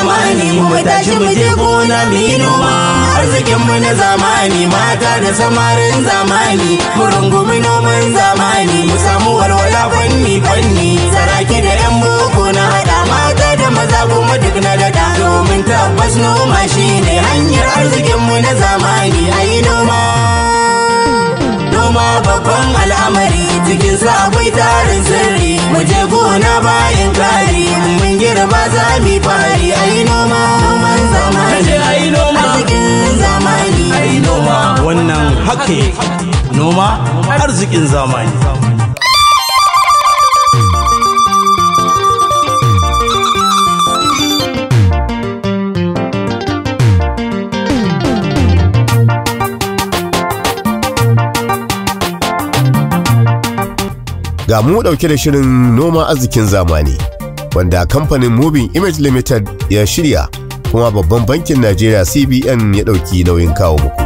zamani mu tashi mu je gona mu noma arzikin mu na zamani mata da samarin zamani mu rungumi noman zamani mu samu walwala fanni fanni saraki da yan boko na hada mata da maza kuma duk na da daɗa domin tabbas noma shine hanyar arzikin mu na zamani ayi noma noma babban al'amari jikin sa akwai tarin sirri mu je gona bayan kari mun girba za mu fari ayi noma noman zamani arzikin zamani wannan haka noma arzikin zamani ga mu dauke da shirin noma arzikin zamani wanda kamfanin Moving Image Limited ya shirya kuma babban bankin Najeriya CBN ya dauki nauyin kawo muku.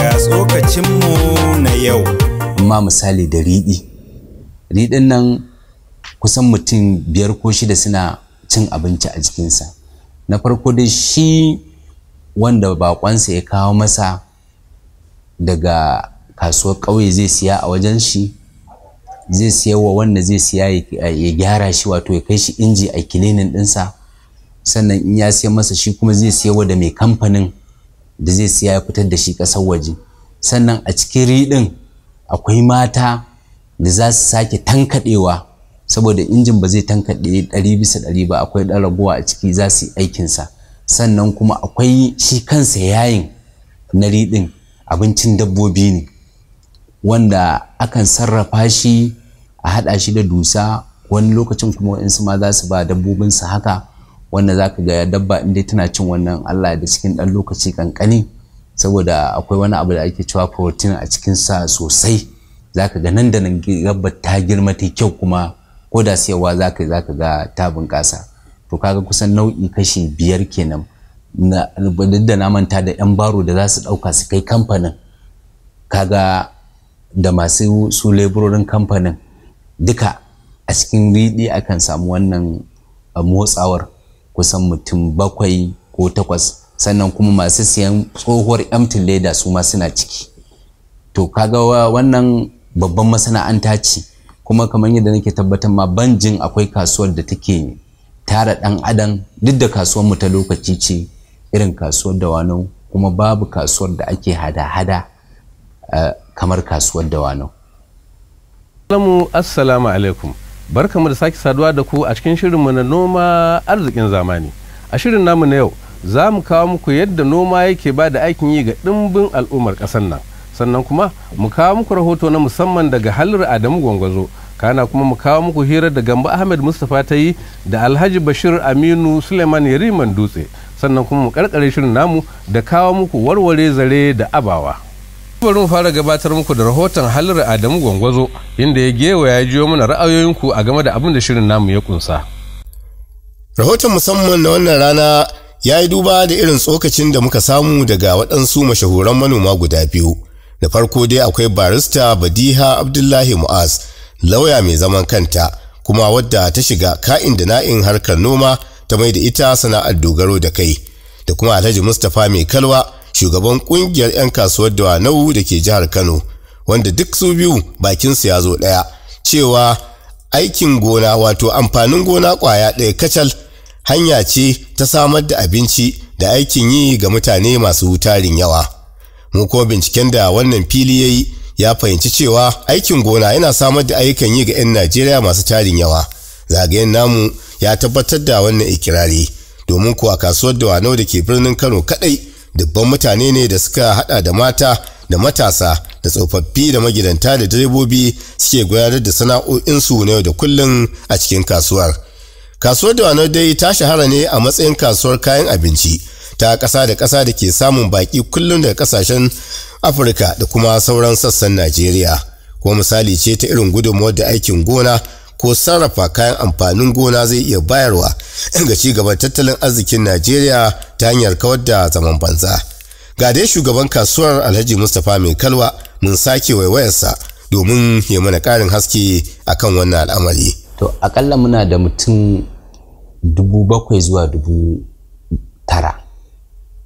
Ga mu na yau. Amma misali da riɗi. Riɗin nan kusan mutum biyar ko shida suna cin abinci a jikinsa. Na farko dai shi wanda bakonsa ya kawo masa daga kasuwar ƙauye zai siya a wajen shi zai siyarwa wanda zai siya ya gyara shi wato ya kai shi inji a kilinin ɗinsa sannan in ya siya masa shi kuma zai siyarwa da mai kamfanin da zai siya ya fitar da shi ƙasar waje sannan a cikin riɗin akwai mata da za su sake tankaɗewa saboda injin ba zai tankaɗe ɗari bisa ɗari ba akwai ɗan raguwa a ciki za su yi aikinsa sannan kuma akwai shi kansa yayin na riɗin abincin dabbobi ne wanda akan sarrafa shi a haɗa shi da dusa wani lokacin kuma waɗansu ma za su ba dabbobinsu haka wanda za ka ga dabba inda tana cin wannan allah da cikin ɗan lokaci ƙanƙani saboda akwai wani abu da ake cewa protein a cikin sa sosai za ka ga nan da nan gabba ta girma ta kyau kuma ko da siyarwa za ka ga ta bunƙasa to kaga kusan nau'i kashi biyar kenan na da na manta da yan baro da za su ɗauka su kai kamfanin kaga da masu su leburorin kamfanin duka a cikin riɗi akan samu wannan motsawar kusan mutum bakwai ko takwas sannan kuma masu siyan tsohuwar empty leda su ma suna ciki to kaga wannan babban masana'anta ce kuma kamar yadda nake tabbatar ma banjin akwai kasuwar da take tara ɗan adam duk da kasuwar mu ta lokaci ce irin kasuwar dawanau kuma babu kasuwar da ake hada-hada eh, kamar kasuwar dawanau. Assalamu alaikum. Barkamu da sake saduwa da ku a cikin shirin mu na noma arzikin zamani. A shirin namu na yau za mu kawo muku yadda noma yake ba da aikin yi ga ɗimbin al'ummar ƙasar nan. sannan kuma mu kawo muku rahoto na musamman daga halar adamu gwangwazo kana kuma mu kawo muku hirar da gamba ahmed mustapha ta yi da alhaji bashir aminu suleiman yariman dutse sannan kuma mu karkare shirin namu da kawo muku warware zare da abawa bari mu fara gabatar muku da rahoton halar adamu gwangwazo inda ya gewa ya jiyo mana ra'ayoyinku a game da abin da shirin namu ya kunsa rahoton musamman na wannan rana ya yi duba da irin tsokacin da muka samu daga waɗansu mashahuran manoma guda biyu da farko dai akwai barista badiha abdullahi mu'az lauya mai zaman kanta kuma wadda ta shiga ka'in da na'in harkar noma ta mai da ita sana'ar dogaro da kai da kuma alhaji mustapha mai kalwa shugaban kungiyar 'yan kasuwar da nau da ke jihar kano wanda duk su biyu bakinsu ya zo ɗaya cewa aikin gona wato amfanin gona ƙwaya ɗaya kacal hanya ce ta samar da abinci da aikin yi ga mutane masu tarin yawa mu ko binciken da wannan fili ya yi ya fahimci cewa aikin gona yana samar da ayyukan yi ga 'yan najeriya masu tarin yawa zagayen namu ya tabbatar da wannan ikirari domin kuwa kasuwar da dawanau da ke birnin kano kadai dubban mutane ne da suka hada da mata da matasa da tsofaffi da magidanta da direbobi suke gudanar da sana'o'insu na yau da kullum a cikin kasuwar kasuwar da dawanau dai ta shahara ne a matsayin kasuwar kayan abinci ta ƙasa da ƙasa da ke samun baƙi kullum daga ƙasashen afirka da kuma sauran sassan najeriya ko misali ce ta irin gudunmuwar da aikin gona ko sarrafa kayan amfanin gona zai iya bayarwa ga ci gaban tattalin arzikin najeriya ta hanyar kawar da zaman banza ga dai shugaban kasuwar alhaji mustapha mai kalwa mun sake waiwayarsa domin ya mana ƙarin haske akan wannan al'amari to akalla muna da mutum dubu bakwai zuwa dubu tara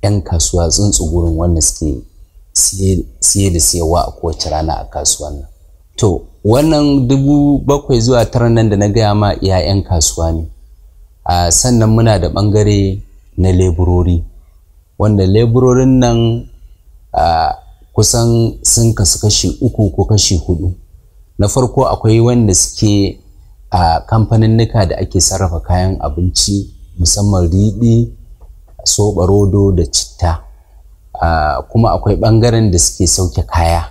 'yan kasuwa tsuntsu gurin wanda suke siye da siyarwa a kowace rana a kasuwan nan to wannan dubu bakwai zuwa tara nan da na gaya ma iya 'yan kasuwa ne a sannan muna da bangare na leburori wanda leburorin nan a kusan sun kasu kashi uku ko kashi hudu na farko akwai wanda suke a kamfaninnika da ake sarrafa kayan abinci musamman riɗi soɓa rodo da citta kuma akwai ɓangaren da suke sauke kaya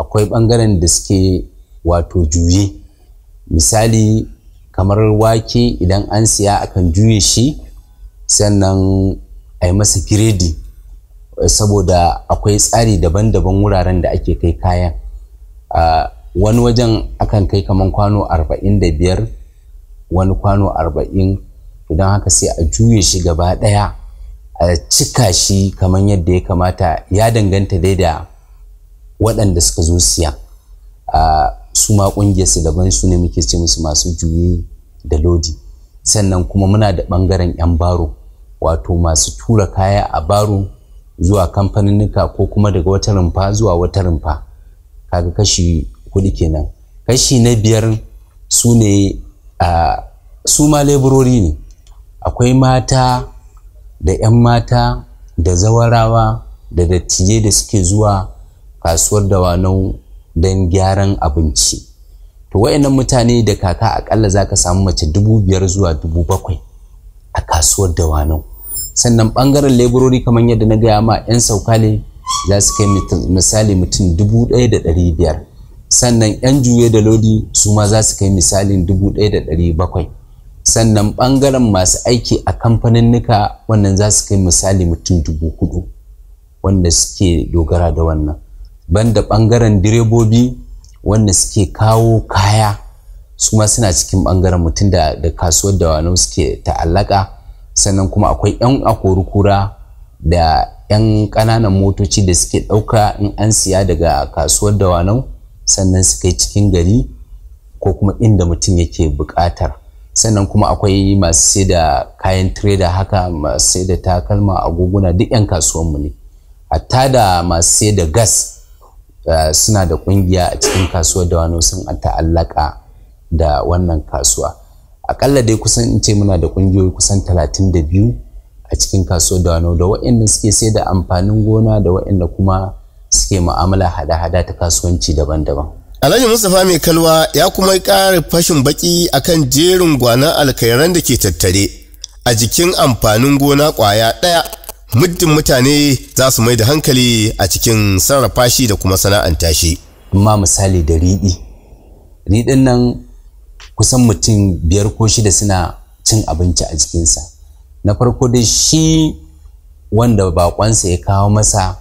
akwai ɓangaren da suke wato juye misali kamar wake idan an siya akan juye shi sannan a yi masa giredi saboda akwai tsari daban-daban wuraren da ake kai kayan wani wajen akan kai kamar kwano 45 wani kwano 40 idan haka sai a juye shi gaba ɗaya cika shi kamar yadda ya kamata ya danganta dai da waɗanda suka zo siya su ma su daban su ne muke ce musu masu juye da lodi sannan kuma muna da ɓangaren 'yan baro wato masu tura kaya a baro zuwa kamfaninnika ko kuma daga wata rumfa zuwa wata rumfa kaga kashi kudi kenan kashi na biyar su ne su ma leburori ne akwai mata da 'yan mata da zawarawa da dattijai da suke zuwa kasuwar dawanau don gyaran abinci to wayannan mutane da kaka akalla za ka samu mace dubu biyar zuwa dubu bakwai a kasuwar dawanau sannan bangaren laborori kamar yadda na gaya ma 'yan sauka ne za su kai misali mutum dubu ɗaya da ɗari biyar sannan 'yan juye da lodi su ma za su kai misalin dubu ɗaya da ɗari bakwai sannan ɓangaren masu aiki a kamfanin kamfaninnika wannan za su kai misali mutum dubu hudu wanda suke dogara da wannan banda ɓangaren direbobi wanda suke kawo kaya su ma suna cikin bangaren mutum da kasuwar da wani suke ta'allaka sannan kuma akwai 'yan akorukura da 'yan ƙananan motoci da suke ɗauka in an siya daga kasuwar da sannan su cikin gari ko kuma inda mutum yake buƙatar. sannan kuma akwai masu sai da kayan trader haka masu sai da takalma agoguna duk 'yan kasuwanmu ne hatta da masu sai da gas eh, suna da kungiya a cikin kasuwar da wani sun ta'allaka da wannan kasuwa akalla dai kusan in ce muna da kungiyoyi kusan 32 a cikin kasuwar da wani da wa'inda suke sai da amfanin gona da wa'inda kuma suke mu'amala hada-hada ta kasuwanci daban-daban Alhaji Mustapha mai kalwa ya kuma ƙara fashin baki akan jerin gwanan alkairan da ke tattare a jikin amfanin gona ƙwaya ɗaya muddin mutane za su mai da hankali a cikin sarrafa shi da kuma sana'anta shi. Ma misali da riɗi. Riɗin nan kusan mutum biyar ko shida suna cin abinci a jikinsa. Na farko da shi wanda baƙonsa ya kawo masa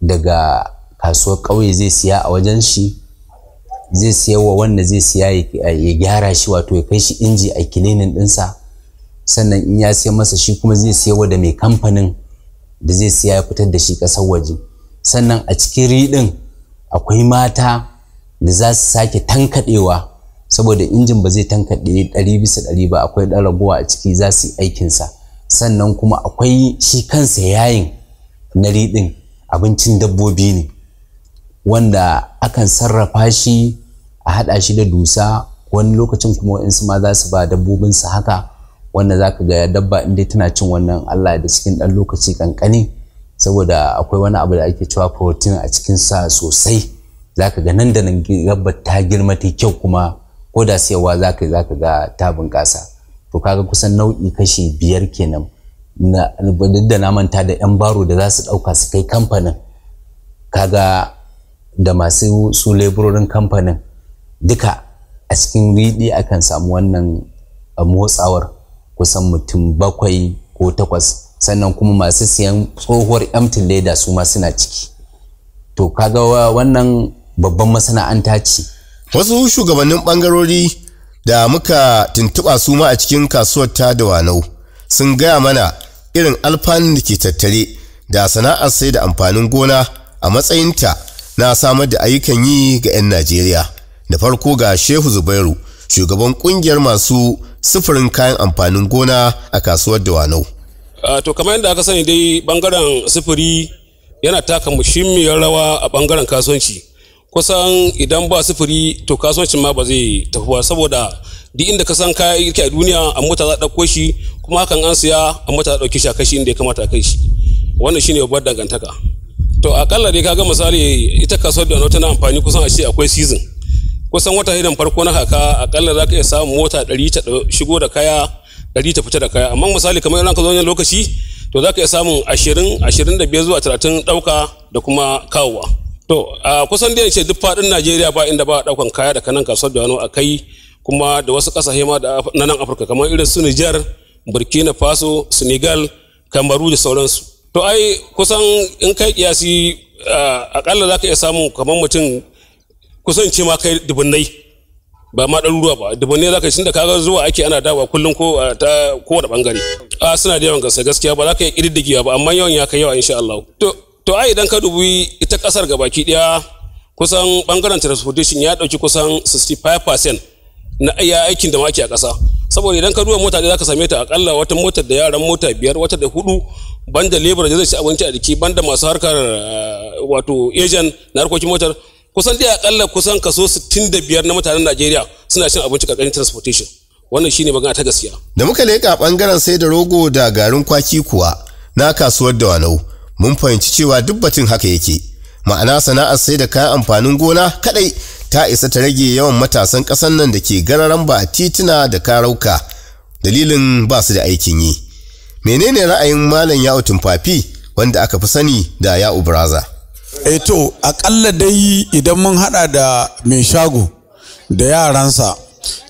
daga kasuwar ƙauye zai siya a wajen shi zai siya wa wanda zai siya ya gyara shi wato ya kai shi inji a kilinin ɗinsa sannan in ya siya masa shi kuma zai siya wa da mai kamfanin da zai siya ya fitar da shi kasar waje sannan a cikin riɗin akwai mata da za su sake tankaɗewa saboda injin ba zai tankaɗe ɗari bisa ɗari ba akwai ɗan ragowa a ciki za su yi aikinsa sannan kuma akwai shi kansa yayin na riɗin abincin dabbobi ne wanda akan sarrafa shi a haɗa shi da dusa wani lokacin kuma waɗansu ma za su ba dabbobin su haka wanda zaka ka ga dabba in dai tana cin wannan Allah da cikin ɗan lokaci kankani saboda akwai wani abu da ake cewa protein a cikin sa sosai zaka ga nan da nan gabba ta girma ta kyau kuma ko da siyarwa zaka ka ga ta bunƙasa to kaga kusan nau'i kashi biyar kenan na na manta da yan baro da za su ɗauka su kai kamfanin kaga da masu su leburorin kamfanin duka a cikin riɗi akan samu wannan motsawar kusan mutum bakwai ko takwas sannan kuma masu siyan tsohuwar empty leda su ma suna ciki to kaga wannan babban masana'anta ce wasu shugabannin bangarori da muka tuntuɓa su ma a cikin kasuwar ta da wanau sun gaya mana irin alfanun da ke tattare da sana'ar sai da amfanin gona a matsayinta na samar da ayyukan yi ga 'yan Najeriya. Da farko ga Shehu Zubairu, shugaban kungiyar masu sufurin kayan amfanin gona a kasuwar Dawanau. To kamar yadda aka sani dai bangaren sufuri yana taka muhimmiyar rawa a bangaren kasuwanci. Kusan idan ba sufuri to kasuwancin ma ba zai tafi ba saboda duk inda ka san kaya yake a duniya a mota za a ɗauko shi kuma hakan an siya a mota za a ɗauki shi a kashi inda ya kamata a kai shi. Wannan shine babbar dangantaka. to akalla dai kaga misali ita kasuwar da tana amfani kusan a ce akwai season kusan wata hidan farko na haka akalla za ka iya samun mota ɗari ta shigo da kaya ɗari ta fita da kaya amma misali kamar idan ka zo wani lokaci to za ka iya samun ashirin ashirin da biyar zuwa talatin ɗauka da kuma kawowa to a kusan dai ce duk faɗin najeriya ba inda ba ɗaukan kaya da kanan kasuwar da wani a kuma da wasu ƙasashe ma da na nan afirka kamar irin su nijar burkina faso senegal kamaru da sauransu to ai kusan in kai kiyasi akalla za ka iya samu kamar mutum kusan ce ma kai dubunnai ba ma ɗaruruwa ba dubunnai za ka shi da kaga zuwa ake ana dawa kullum ko ta kowane bangare a suna da yawan gasa gaskiya ba za ka iya ƙididdigewa ba amma yawan ya kai yawa insha Allah to to ai idan ka dubi ita ƙasar gabaki ɗaya kusan bangaren transportation ya ɗauki kusan 65% na iya aikin da ma ake a ƙasa saboda idan ka duba mota da za ka same ta akalla wata motar da yaran mota biyar wata da hudu banda labor da zai ci abinci a jiki banda masu harkar eh, wato agent na harkokin motar kusan dai akalla kusan kaso 65 na mutanen Najeriya suna cin abinci karkashin transportation wannan shine magana ta gaskiya da muka leka bangaren sai da rogo da garin kwaki kuwa na kasuwar da wanau mun fahimci cewa duk batun haka yake ma'ana sana'ar sai da kayan amfanin gona kadai ta isa ta rage yawan matasan ƙasar nan da ke gararan ba tituna da karauka dalilin ba su da aikin yi menene ra'ayin malam ya'u tumfafi wanda aka fi sani da ya'u braza eh to akalla dai idan mun hada da mai shago da yaransa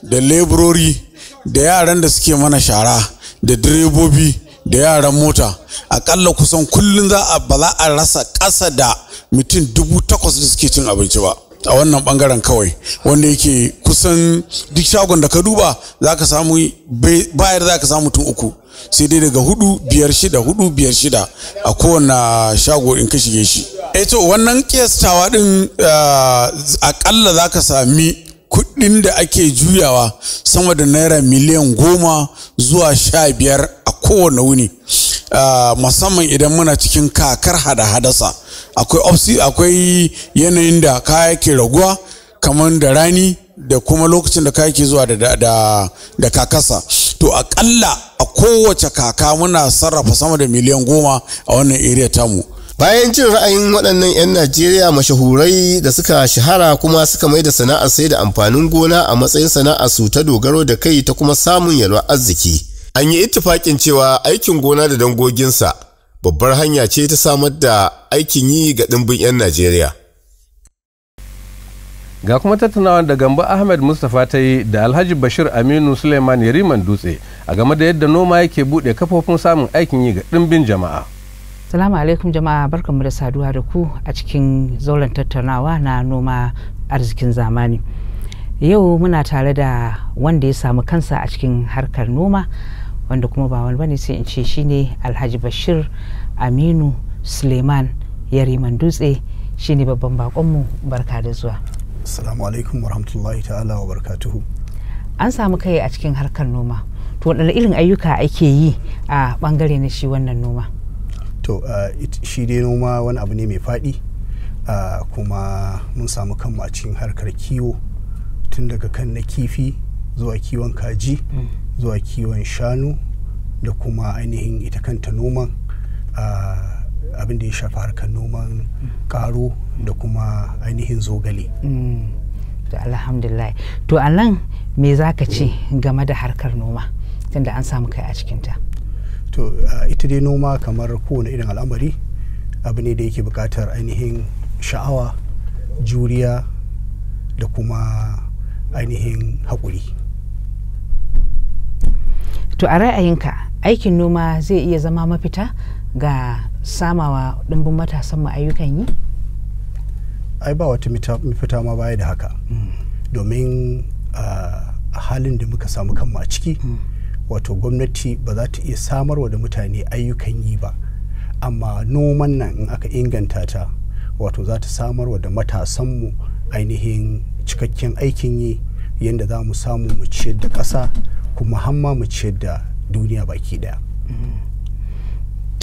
da leburori da yaran da suke mana shara da direbobi da yaran mota akalla kusan kullum za a ba za a rasa ƙasa da mutum dubu takwas da suke cin abinci ba a wannan bangaren kawai wanda yake kusan duk shagon da ka duba za ka samu bayar za ka samu mutum uku sai dai daga hudu biyar shida hudu biyar shida a kowane shago in ka shige shi eto eh wannan kiyastawa din eh, akalla za ka sami kuɗin da ake juyawa sama da naira miliyan goma zuwa sha biyar a kowane wuni eh, musamman idan muna cikin kakar hada-hadasa akwai akwai yanayin da kaya ke raguwa kamar da rani da kuma lokacin da kaya ke zuwa da kakasa to akalla a kowace kaka muna sarrafa sama da miliyan goma a wannan area tamu bayan jin ra'ayin waɗannan 'yan najeriya mashahurai da suka shahara kuma suka mai da sana'ar sai da amfanin gona a matsayin sana'a su ta dogaro da kai ta kuma samun yalwa arziki an yi ittifakin cewa aikin gona da dangoginsa babbar hanya ce ta samar da aikin yi ga ɗimbin 'yan najeriya ga kuma tattaunawa da gamba ahmed mustapha ta yi da alhaji bashir aminu suleiman yariman dutse a game da yadda noma yake buɗe kafofin samun aikin yi ga ɗimbin jama'a salamu alaikum jama'a barkanmu da saduwa da ku a cikin zauren tattaunawa na noma arzikin zamani yau muna tare da wanda ya samu kansa a cikin harkar noma wanda kuma ba wani bane sai in ce shine alhaji bashir aminu suleiman yariman dutse shine babban bakonmu barka da zuwa Assalamu alaikum wa rahmatullahi ta'ala wa barkatuhu. An samu kai a cikin harkar noma. To wadanda irin ayyuka ake yi a ɓangare na shi wannan noma? To shi dai noma wani abu ne mai faɗi kuma mun samu kanmu a cikin harkar kiwo tun daga kan na kifi zuwa kiwon kaji mm. zuwa kiwon shanu da kuma ainihin ita kanta noman. Uh, abin da ya shafa harkar noman karo da kuma ainihin zogale mm. to alhamdulillah to a nan me za ka ce game da harkar noma tunda an samu kai a cikinta to ita dai noma kamar kowane irin al'amari abu ne da yake buƙatar ainihin sha'awa juriya da kuma ainihin haƙuri to a ra'ayinka aikin noma zai iya zama mafita ga samawa ɗimbin matasan mu ayyukan yi ai ba wata mafita ma baya da haka mm. domin a halin da muka samu kanmu a ciki mm. wato gwamnati ba za ta iya samarwa da mutane ayyukan yi ba amma noman nan in aka inganta ta wato za ta samarwa da matasanmu ainihin cikakken aikin yi yadda za mu samu mu ciyar da ƙasa kuma hamma mu ciyar da duniya baki daya. Mm.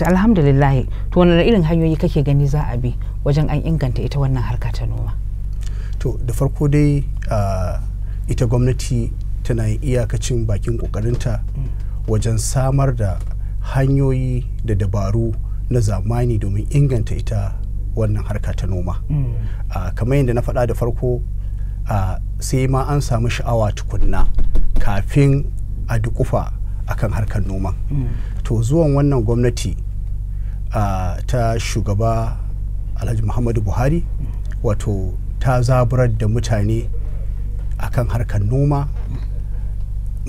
to alhamdulillah to wani irin hanyoyi kake gani za a bi wajen an inganta ita wannan harka ta noma to da farko dai ita gwamnati tana yin iyakacin bakin kokarinta mm. wajen samar da hanyoyi da dabaru na zamani domin inganta ita wannan harka ta noma mm. kamar yadda na faɗa da farko sai ma an samu sha'awa tukunna kafin a dukufa akan harkar noma mm. to zuwan wannan gwamnati ta shugaba alhaji muhammadu buhari wato ta zaburar da mutane akan harkar noma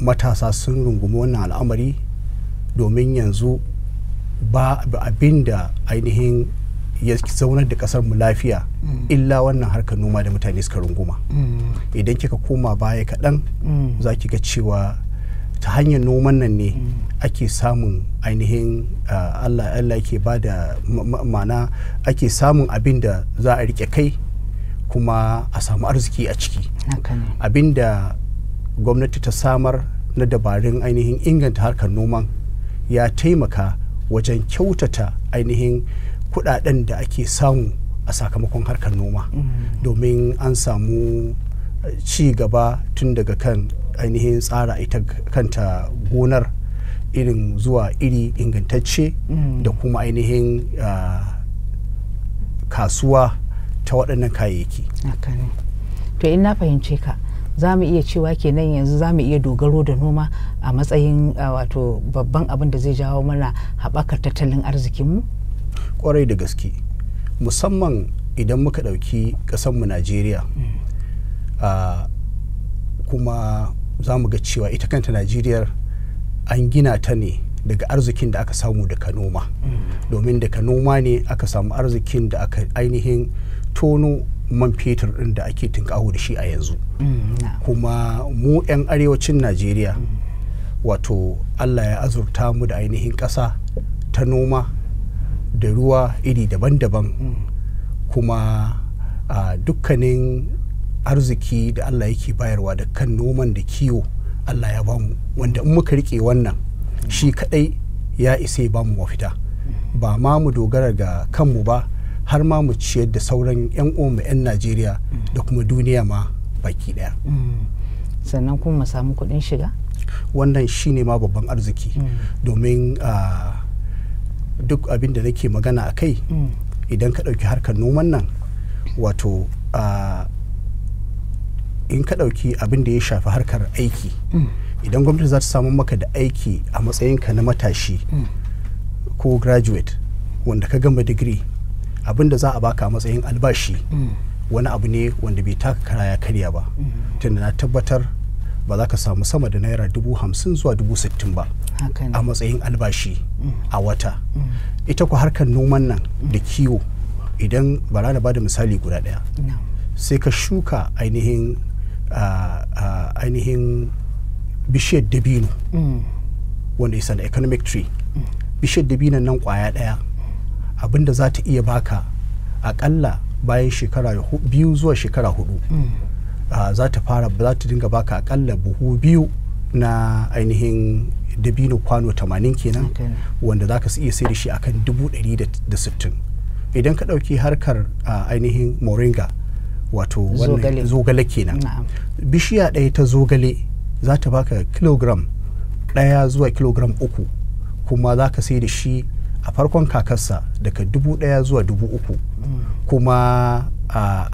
matasa sun rungumi wannan al'amari domin yanzu ba abin da ainihin ya zaunar da kasar mu lafiya illa wannan harkar noma da mutane suka runguma mm. idan kika koma baya kaɗan mm. za ki ga cewa ta hanyar noman nan ne hmm. ake samun ainihin allah allah ke ba da ma'ana ake samun abin da za a rike kai kuma a samu arziki a ciki abin da gwamnati ta samar na dabarun ainihin inganta harkar noman ya taimaka wajen kyautata ainihin kudaden da ake samu a sakamakon harkar noma hmm. domin an samu eh, ci gaba tun daga kan ainihin tsara ita kanta gonar irin zuwa iri ingantacce da mm. kuma ainihin ah, kasuwa ta waɗannan kayayyaki to in na fahimce ka za mu iya cewa kenan yanzu za mu iya dogaro da noma a matsayin ah, wato babban abin da zai jawo mana haɓakar tattalin arzikin mu. kwarai da gaske musamman idan muka ɗauki ƙasanmu najeriya mm. ah, kuma za mu ga cewa ita kanta najeriya an gina ta ne daga arzikin da aka samu daga noma mm. domin daga noma ne aka samu arzikin da aka ainihin tono man fetur din da ake tunkaho da shi a yanzu mm, kuma mu 'yan arewacin najeriya mm. wato allah ya azurta mu da ainihin ƙasa ta noma da ruwa iri daban-daban kuma dukkanin arziki da Allah yake bayarwa da kan noman da kiwo Allah ya bamu wanda in muka rike wannan shi kadai ya isa ba bamu mafita ba ma mu dogara ga kanmu ba har ma mu ciyar da sauran 'yan mu 'yan Najeriya da kuma duniya ma baki daya mm. sannan kuma mu samu kuɗin shiga wannan shine ma babban arziki mm. domin ah, duk abin da nake magana a kai mm. idan ka ɗauki harkar noman nan wato ah, in ka ɗauki abin da ya shafi harkar aiki mm. idan gwamnati za ta samu maka da aiki a matsayinka na matashi mm. ko graduate wanda ka gama digiri abin da za a baka a matsayin albashi mm. wani abu ne wanda bai taka karaya karya ba tunda na tabbatar ba za ka samu sama da naira dubu hamsin zuwa dubu sittin ba a matsayin albashi a wata ita ku harkar noman nan da kiwo idan bara na bada misali guda daya sai ka shuka ainihin ainihin bishiyar dabino mm. wanda is an economic tree mm. bishiyar dabino nan kwaya daya abinda za ta iya baka akalla bayan shekara biyu zuwa shekara hudu mm. za ta fara za ta dinga baka akalla buhu biyu na ainihin dabino kwano 80 kenan wanda za ka iya sai da shi akan 160 idan ka ɗauki harkar ainihin moringa wato zogale kenan bishiya ɗaya ta zogale za ta baka kilogram ɗaya zuwa kilogram uku kuma za ka sai da shi a farkon kakarsa daga dubu ɗaya zuwa dubu uku mm. kuma a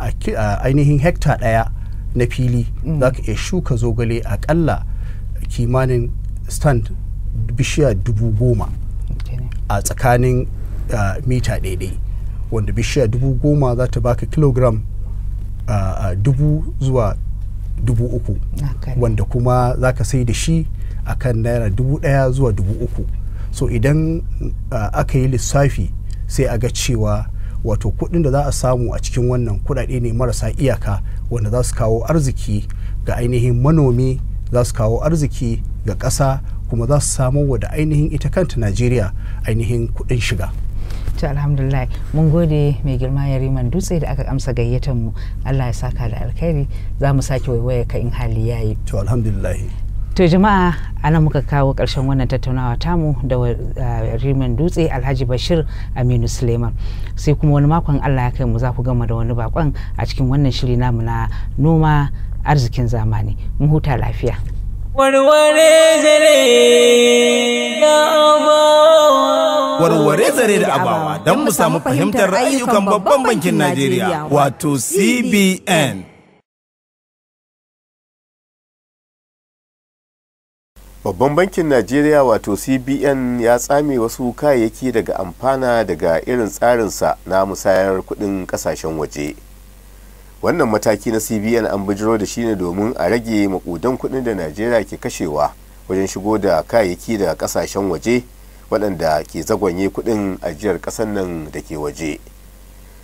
ainihin hekta ɗaya na fili mm. za ka iya shuka zogale aƙalla kimanin stand bishiya dubu goma a tsakanin mita ɗaiɗai wanda bishiya dubu goma za ta baka kilogram dubu zuwa dubu uku wanda kuma za ka sai da shi a kan naira dubu daya zuwa dubu uku so idan aka yi lissafi sai a ga cewa wato kudin da za a samu a cikin wannan kudade ne marasa iyaka wanda za su kawo arziki ga ainihin manomi za su kawo arziki ga kasa kuma za su samu wa da ainihin ita kanta najeriya ainihin kudin shiga to alhamdulillah mun gode mai girma yariman dutse da aka amsa gayyatar mu Allah ya saka da alkhairi za mu sake waiwaye ka in hali yayi to alhamdulillah to jama'a ana muka kawo karshen wannan tattaunawa tamu da eh, riman dutse alhaji bashir aminu suleiman sai kuma wani makon allah ya kai mu za ku gama da wani bakon a cikin wannan shiri namu na noma arzikin zamani mu huta lafiya warware ya warware zare da abawa don mu samu fahimtar ayyukan babban bankin Najeriya wato CBN. Babban bankin Najeriya wato CBN ya tsame wasu kayayyaki daga amfana daga irin tsarinsa na musayar kudin kasashen waje. Wannan mataki na CBN an bijiro da shi ne domin a rage makudan kudin da Najeriya ke kashewa wajen shigo da kayayyaki daga kasashen waje waɗanda ke zagonye kuɗin ajiyar ƙasar nan da ke waje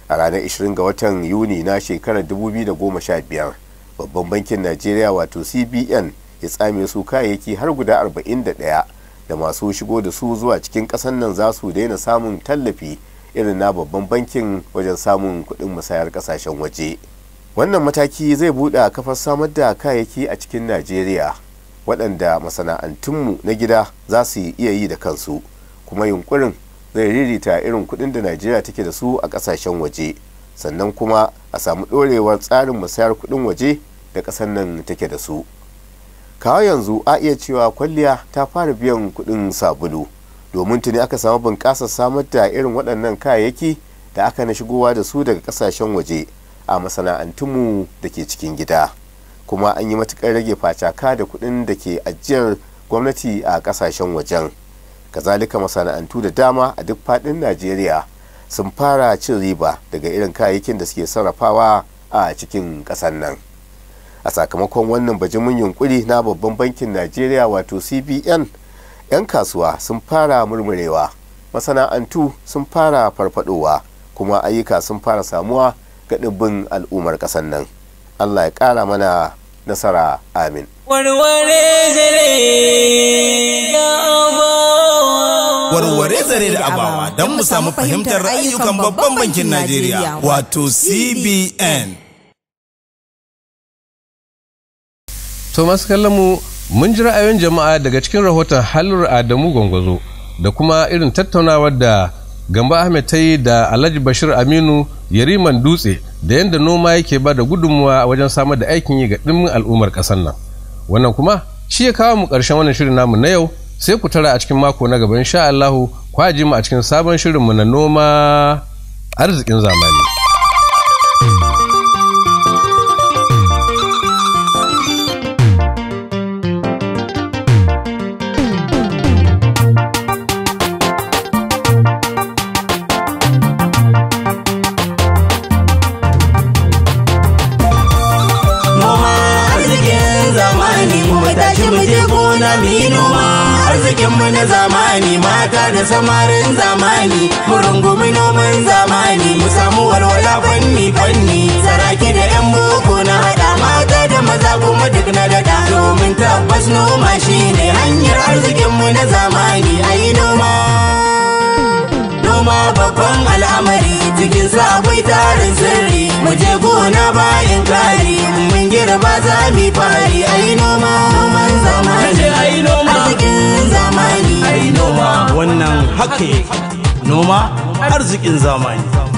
a ranar 20 ga watan yuni na shekarar 2015 babban bankin najeriya wato cbn ya tsame su kayayyaki har guda 41 da masu shigo da su zuwa cikin ƙasar nan za su daina samun tallafi irin na babban bankin wajen samun kuɗin musayar ƙasashen waje wannan mataki zai buɗe kafar samar da kayayyaki a cikin najeriya waɗanda masana'antunmu na gida za su iya yi da kansu kuma yunkurin zai ririta irin kuɗin da najeriya take da su a ƙasashen waje sannan kuma a samu ɗorewar tsarin musayar kuɗin waje da ƙasar nan take da su kawo yanzu a iya cewa kwalliya ta fara biyan kuɗin sabulu domin tuni aka samu bunƙasar samar da irin waɗannan kayayyaki da aka na shigowa da su daga ƙasashen waje a masana'antunmu da ke cikin gida kuma an yi matuƙar rage facaka da kuɗin da ke ajiyar gwamnati a ƙasashen wajen. kazalika masana'antu da dama a duk fadin najeriya sun fara cin riba daga irin kayayyakin da suke sarrafawa a cikin kasan nan a sakamakon wannan bajimin yunkuri na babban bankin najeriya wato cbn 'yan kasuwa sun fara murmurewa masana'antu sun fara farfadowa kuma ayyuka sun fara samuwa ga ɗimbin al'ummar kasan nan allah ya kara mana nasara amin warware zare ga abawa warware zare da abawa don mu samu fahimtar ayyukan babban bankin najeriya wato cbn to masu kallon mu mun ji ra'ayoyin jama'a daga cikin rahoton halur adamu gwangwazo da kuma irin tattaunawar da gamba ahmed ta yi da alhaji bashir aminu yariman dutse da yadda noma yake ba da gudunmuwa wajen samar da aikin yi ga ɗimbin al'ummar ƙasar nan wannan kuma shi ya kawo mu ƙarshen wannan shirin namu na yau sai ku tara a cikin mako na gaba insha Allahu kwaji mu a cikin sabon shirinmu na noma arzikin zamani zauna mu arzikin noma arzikinmu na zamani mata da samarin zamani mu rungumi noman zamani mu samu walwala fanni fanni saraki da yan boko na hada mata da maza kuma duk na da domin tabbas noma shine hanyar arzikinmu na zamani ayi noma kuma babban al'amari cikin sa tarin sirri mu je gona bayan kari mun girba za mu fari ayi noma noman zamani ai noma arzikin zamani ayi noma wannan haka yake noma arzikin zamani